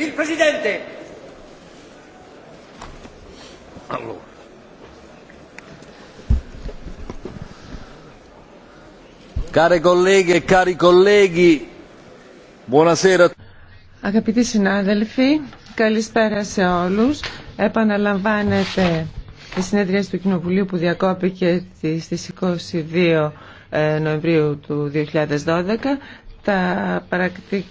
Il Presidente. Allora. Care colleghe e cari colleghi, buonasera. Αγαπητοί συνάδελφοι, καλησπέρα σε όλους. Επαναλαμβάνεται η συνέδρια του Κοινοβουλίου που διακόπηκε στις 22 ε, Νοεμβρίου του 2012. Τα πρακτικά